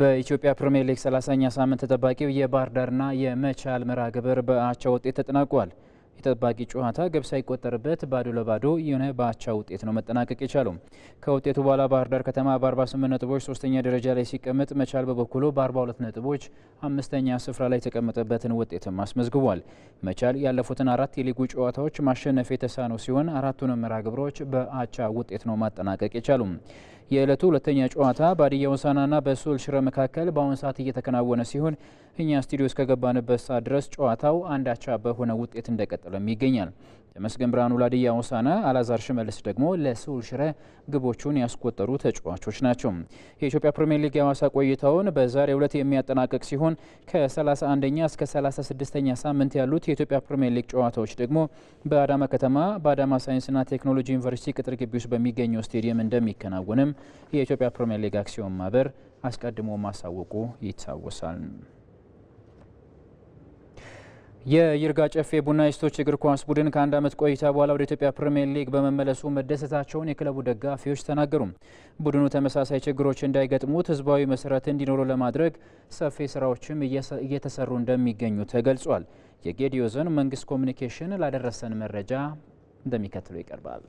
በኢትዮጵያ ፕሪምየር ሊግ 30ኛ ሳምንት ተጠባቂው የባህር ዳርና የመቻል መርሃ ግብር በአቻ ውጤት ተጠናቋል። የተጠባቂ ጨዋታ ግብ ሳይቆጠርበት ባዶ ለባዶ የሆነ በአቻ ውጤት ነው መጠናቀቅ የቻለው። ከውጤቱ በኋላ ባህር ዳር ከተማ በ48 ነጥቦች ሶስተኛ ደረጃ ላይ ሲቀመጥ፣ መቻል በበኩሉ በ42 ነጥቦች አምስተኛ ስፍራ ላይ የተቀመጠበትን ውጤትም አስመዝግቧል። መቻል ያለፉትን አራት የሊጉ ጨዋታዎች ማሸነፍ የተሳነው ሲሆን አራቱንም መርሃ ግብሮች በአቻ ውጤት ነው ማጠናቀቅ የቻሉም። የዕለቱ ሁለተኛ ጨዋታ በሀዲያ ሆሳዕናና በሶል ሽረ መካከል በአሁኑ ሰዓት እየተከናወነ ሲሆን እኛ ስቱዲዮ እስከገባንበት ሰዓት ድረስ ጨዋታው አንዳቻ በሆነ ውጤት እንደቀጠለም ይገኛል። ተመስገን ብርሃኑ ላድያ ሆሳና፣ አላዛር ሽመልስ ደግሞ ለስውል ሽረ ግቦቹን ያስቆጠሩ ተጫዋቾች ናቸው። የኢትዮጵያ ፕሪምየር ሊግ የሐዋሳ ቆይታውን በዛሬው ዕለት የሚያጠናቀቅ ሲሆን ከ31ኛ እስከ 36ኛ ሳምንት ያሉት የኢትዮጵያ ፕሪምየር ሊግ ጨዋታዎች ደግሞ በአዳማ ከተማ በአዳማ ሳይንስና ቴክኖሎጂ ዩኒቨርሲቲ ቅጥር ግቢ ውስጥ በሚገኘው ስቴዲየም እንደሚከናወንም የኢትዮጵያ ፕሪምየር ሊግ አክሲዮን ማህበር አስቀድሞ ማሳወቁ ይታወሳል። የይርጋ ጨፌ ቡና ሴቶች እግር ኳስ ቡድን ከአንድ ዓመት ቆይታ በኋላ ወደ ኢትዮጵያ ፕሪምየር ሊግ በመመለሱ መደሰታቸውን የክለቡ ደጋፊዎች ተናገሩ። ቡድኑ ተመሳሳይ ችግሮች እንዳይገጥሙት ህዝባዊ መሰረት እንዲኖሩ ለማድረግ ሰፊ ስራዎችም እየተሰሩ እንደሚገኙ ተገልጿል። የጌዲዮ ዞን መንግስት ኮሚኒኬሽን ላደረሰን መረጃ እንደሚከትለው ይቀርባል።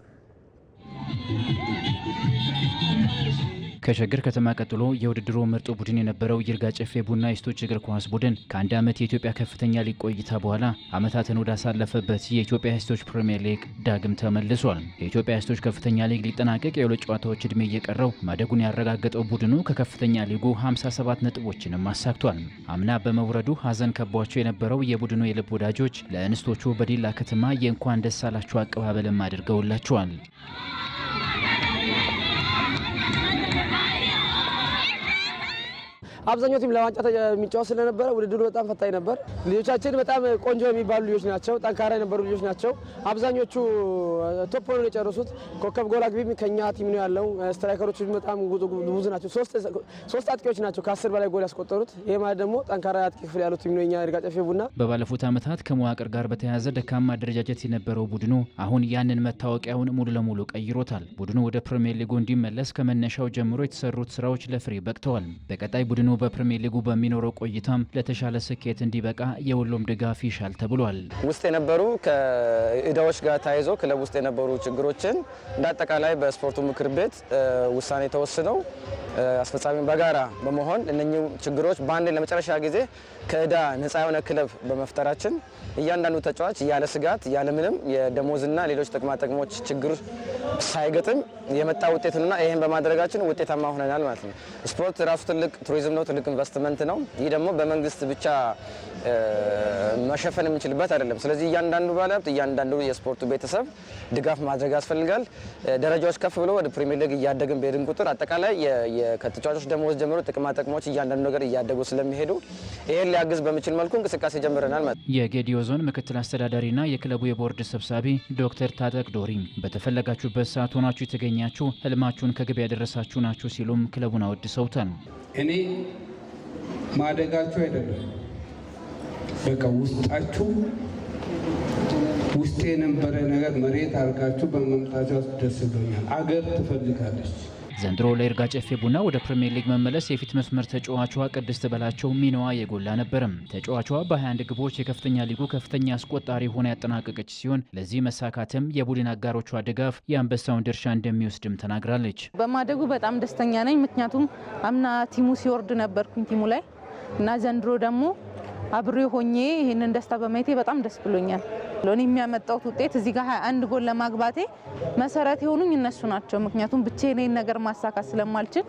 ከሸገር ከተማ ቀጥሎ የውድድሩ ምርጡ ቡድን የነበረው ይርጋ ጨፌ ቡና የሴቶች እግር ኳስ ቡድን ከአንድ ዓመት የኢትዮጵያ ከፍተኛ ሊግ ቆይታ በኋላ ዓመታትን ወዳሳለፈበት የኢትዮጵያ ሴቶች ፕሪምየር ሊግ ዳግም ተመልሷል። የኢትዮጵያ ሴቶች ከፍተኛ ሊግ ሊጠናቀቅ የሁለት ጨዋታዎች ዕድሜ እየቀረው ማደጉን ያረጋገጠው ቡድኑ ከከፍተኛ ሊጉ 57 ነጥቦችንም አሳክቷል። አምና በመውረዱ ሐዘን ከቧቸው የነበረው የቡድኑ የልብ ወዳጆች ለእንስቶቹ በዲላ ከተማ የእንኳን ደስ አላችሁ አቀባበልም አድርገውላቸዋል። አብዛኛው ቲም ለዋንጫ የሚጫወት ስለነበረ ውድድሩ በጣም ፈታኝ ነበር። ልጆቻችን በጣም ቆንጆ የሚባሉ ልጆች ናቸው። ጠንካራ የነበሩ ልጆች ናቸው። አብዛኞቹ ቶፕ ሆነው የጨረሱት። ኮከብ ጎል አግቢም ከኛ ቲም ነው ያለው። ስትራይከሮች በጣም ብዙ ናቸው። ሶስት አጥቂዎች ናቸው ከአስር በላይ ጎል ያስቆጠሩት። ይህ ማለት ደግሞ ጠንካራ አጥቂ ክፍል ያሉት ቲም ነው የኛ ይርጋ ጨፌ ቡና። በባለፉት ዓመታት ከመዋቅር ጋር በተያያዘ ደካማ አደረጃጀት የነበረው ቡድኑ አሁን ያንን መታወቂያውን ሙሉ ለሙሉ ቀይሮታል። ቡድኑ ወደ ፕሪምየር ሊጉ እንዲመለስ ከመነሻው ጀምሮ የተሰሩት ስራዎች ለፍሬ በቅተዋል። በቀጣይ ቡድኑ በፕሪሚየር ሊጉ በሚኖረው ቆይታም ለተሻለ ስኬት እንዲበቃ የሁሉም ድጋፍ ይሻል ተብሏል። ውስጥ የነበሩ ከእዳዎች ጋር ተያይዞ ክለብ ውስጥ የነበሩ ችግሮችን እንደ አጠቃላይ በስፖርቱ ምክር ቤት ውሳኔ ተወስነው አስፈጻሚን በጋራ በመሆን እነኚህ ችግሮች በአንድ ለመጨረሻ ጊዜ ከእዳ ነጻ የሆነ ክለብ በመፍጠራችን እያንዳንዱ ተጫዋች ያለ ስጋት ያለምንም የደሞዝና ሌሎች ጥቅማጥቅሞች ችግር ሳይገጥም የመጣ ውጤት ነውና ይህን በማድረጋችን ውጤታማ ሆነናል ማለት ነው። ስፖርት ራሱ ትልቅ ቱሪዝም ነው፣ ትልቅ ኢንቨስትመንት ነው። ይህ ደግሞ በመንግስት ብቻ መሸፈን የምንችልበት አይደለም። ስለዚህ እያንዳንዱ ባለሀብት፣ እያንዳንዱ የስፖርቱ ቤተሰብ ድጋፍ ማድረግ ያስፈልጋል። ደረጃዎች ከፍ ብሎ ወደ ፕሪሚየር ሊግ እያደግን በሄድን ቁጥር አጠቃላይ ከተጫዋቾች ደመወዝ ጀምሮ ጥቅማ ጥቅሞች እያንዳንዱ ነገር እያደጉ ስለሚሄዱ ይህን ሊያግዝ በሚችል መልኩ እንቅስቃሴ ጀምረናል ማለት ነው። የጌዲዮ ዞን ምክትል አስተዳዳሪና የክለቡ የቦርድ ሰብሳቢ ዶክተር ታጠቅ ዶሪ በተፈለጋችሁበት ባላችሁበት ሰዓት ሆናችሁ የተገኛችሁ ህልማችሁን ከግብ ያደረሳችሁ ናችሁ ሲሉም ክለቡን አወድሰውታል። እኔ ማደጋችሁ አይደለም በቃ ውስጣችሁ ውስጤ የነበረ ነገር መሬት አድርጋችሁ በመምጣቸው ደስ ብሎኛል። አገር ትፈልጋለች ዘንድሮ ለይርጋ ጨፌ ቡና ወደ ፕሪምየር ሊግ መመለስ የፊት መስመር ተጫዋቿ ቅድስት በላቸው ሚናዋ የጎላ ነበርም። ተጫዋቿ በ21 ግቦች የከፍተኛ ሊጉ ከፍተኛ አስቆጣሪ ሆና ያጠናቀቀች ሲሆን ለዚህ መሳካትም የቡድን አጋሮቿ ድጋፍ የአንበሳውን ድርሻ እንደሚወስድም ተናግራለች። በማደጉ በጣም ደስተኛ ነኝ። ምክንያቱም አምና ቲሙ ሲወርድ ነበርኩኝ ቲሙ ላይ እና ዘንድሮ ደግሞ አብሬ ሆኜ ይህንን ደስታ በማየቴ በጣም ደስ ብሎኛል። ሎን የሚያመጣሁት ውጤት እዚህ ጋር አንድ ጎል ለማግባቴ መሰረት የሆኑኝ እነሱ ናቸው። ምክንያቱም ብቻዬን ይህን ነገር ማሳካት ስለማልችል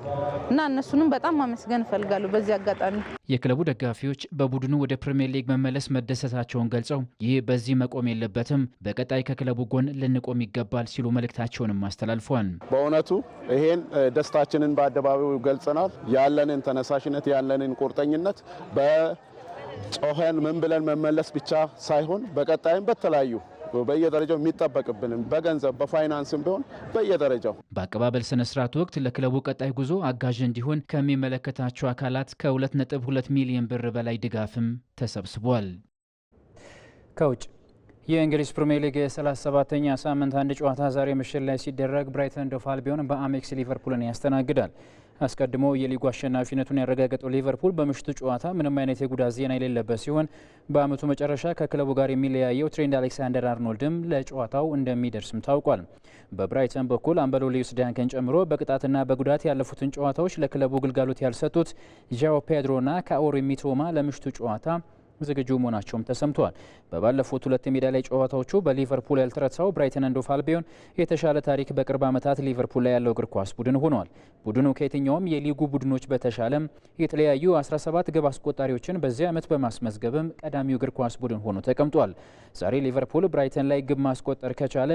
እና እነሱንም በጣም ማመስገን እፈልጋለሁ። በዚህ አጋጣሚ የክለቡ ደጋፊዎች በቡድኑ ወደ ፕሪምየር ሊግ መመለስ መደሰታቸውን ገልጸው ይህ በዚህ መቆም የለበትም፣ በቀጣይ ከክለቡ ጎን ልንቆም ይገባል ሲሉ መልእክታቸውንም አስተላልፏል። በእውነቱ ይሄን ደስታችንን በአደባባዩ ገልጸናል። ያለንን ተነሳሽነት ያለንን ቁርጠኝነት ጮኸን ምን ብለን መመለስ ብቻ ሳይሆን በቀጣይም በተለያዩ በየደረጃው የሚጠበቅብንም በገንዘብ በፋይናንስም ቢሆን በየደረጃው በአቀባበል ስነ ስርዓት ወቅት ለክለቡ ቀጣይ ጉዞ አጋዥ እንዲሆን ከሚመለከታቸው አካላት ከ2.2 ሚሊዮን ብር በላይ ድጋፍም ተሰብስቧል። ከውጭ የእንግሊዝ ፕሪምየር ሊግ የ37ኛ ሳምንት አንድ ጨዋታ ዛሬ ምሽት ላይ ሲደረግ ብራይተን ዶቭ ቢሆን በአሜክስ ሊቨርፑልን ያስተናግዳል። አስቀድሞ የሊጉ አሸናፊነቱን ያረጋገጠው ሊቨርፑል በምሽቱ ጨዋታ ምንም አይነት የጉዳት ዜና የሌለበት ሲሆን በአመቱ መጨረሻ ከክለቡ ጋር የሚለያየው ትሬንድ አሌክሳንደር አርኖልድም ለጨዋታው እንደሚደርስም ታውቋል። በብራይተን በኩል አምበሎ ሊዩስ ዳንከን ጨምሮ በቅጣትና በጉዳት ያለፉትን ጨዋታዎች ለክለቡ ግልጋሎት ያልሰጡት ዣኦ ፔድሮና ካኦሪ ሚቶማ ለምሽቱ ጨዋታ ዝግጁ መሆናቸውም ተሰምተዋል። በባለፉት ሁለት የሜዳ ላይ ጨዋታዎቹ በሊቨርፑል ያልተረሳው ብራይተን እንዶ ፋልቢዮን የተሻለ ታሪክ በቅርብ ዓመታት ሊቨርፑል ላይ ያለው እግር ኳስ ቡድን ሆኗል። ቡድኑ ከየትኛውም የሊጉ ቡድኖች በተሻለም የተለያዩ 17 ግብ አስቆጣሪዎችን በዚህ ዓመት በማስመዝገብም ቀዳሚው እግር ኳስ ቡድን ሆኖ ተቀምጧል። ዛሬ ሊቨርፑል ብራይተን ላይ ግብ ማስቆጠር ከቻለ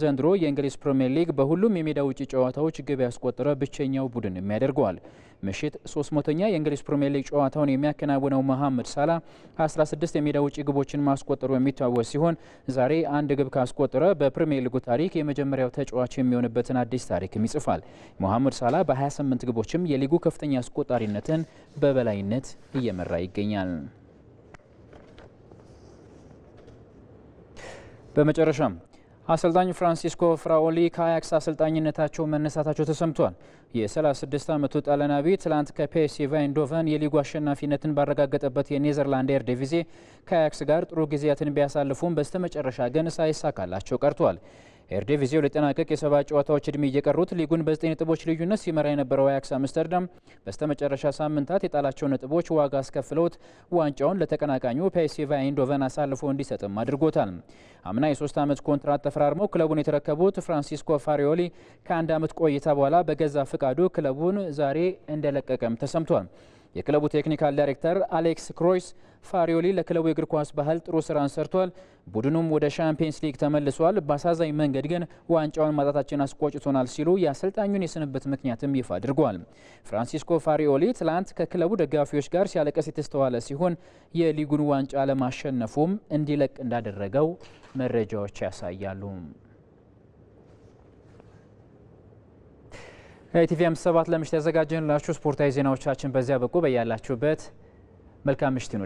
ዘንድሮ የእንግሊዝ ፕሪምየር ሊግ በሁሉም የሜዳ ውጪ ጨዋታዎች ግብ ያስቆጠረ ብቸኛው ቡድንም ያደርገዋል። ምሽት 300ኛ የእንግሊዝ ፕሪምየር ሊግ ጨዋታውን የሚያከናውነው መሐመድ ሳላ 16 የሜዳ ውጭ ግቦችን ማስቆጠሩ የሚታወስ ሲሆን ዛሬ አንድ ግብ ካስቆጠረ በፕሪምየር ሊጉ ታሪክ የመጀመሪያው ተጫዋች የሚሆንበትን አዲስ ታሪክም ይጽፋል። መሐመድ ሳላ በ28 ግቦችም የሊጉ ከፍተኛ አስቆጣሪነትን በበላይነት እየመራ ይገኛል። በመጨረሻም አሰልጣኝ ፍራንሲስኮ ፍራኦሊ ከአያክስ አሰልጣኝነታቸው መነሳታቸው ተሰምቷል። የ36 ዓመቱ ጣሊያናዊ ትላንት ከፒኤስቪ አይንዶቨን የሊጉ አሸናፊነትን ባረጋገጠበት የኔዘርላንድ ኤር ዲቪዜ ከአያክስ ጋር ጥሩ ጊዜያትን ቢያሳልፉም በስተመጨረሻ ግን ሳይሳካላቸው ቀርቷል። ኤርዴቪዜው ሊጠናቀቅ የሰባ ጨዋታዎች እድሜ እየቀሩት ሊጉን በዘጠኝ ነጥቦች ልዩነት ሲመራ የነበረው አያክስ አምስተርዳም በስተመጨረሻ ሳምንታት የጣላቸው ነጥቦች ዋጋ አስከፍለውት ዋንጫውን ለተቀናቃኙ ፒኤስቪ አይንዶቨን አሳልፎ እንዲሰጥም አድርጎታል። አምና የሶስት ዓመት ኮንትራት ተፈራርመው ክለቡን የተረከቡት ፍራንሲስኮ ፋሪዮሊ ከአንድ ዓመት ቆይታ በኋላ በገዛ ፍቃዱ ክለቡን ዛሬ እንደለቀቀም ተሰምቷል። የክለቡ ቴክኒካል ዳይሬክተር አሌክስ ክሮይስ ፋሪዮሊ ለክለቡ የእግር ኳስ ባህል ጥሩ ስራን ሰርቷል፣ ቡድኑም ወደ ሻምፒየንስ ሊግ ተመልሷል። በአሳዛኝ መንገድ ግን ዋንጫውን ማጣታችን አስቆጭቶናል ሲሉ የአሰልጣኙን የስንብት ምክንያትም ይፋ አድርጓል። ፍራንሲስኮ ፋሪዮሊ ትላንት ከክለቡ ደጋፊዎች ጋር ሲያለቀስ የተስተዋለ ሲሆን የሊጉን ዋንጫ ለማሸነፉም እንዲለቅ እንዳደረገው መረጃዎች ያሳያሉ። ኢቲቪ 57 ለምሽት ያዘጋጀንላችሁ ስፖርታዊ ዜናዎቻችን በዚያ በቁ በያላችሁበት መልካም ምሽት ይሁን።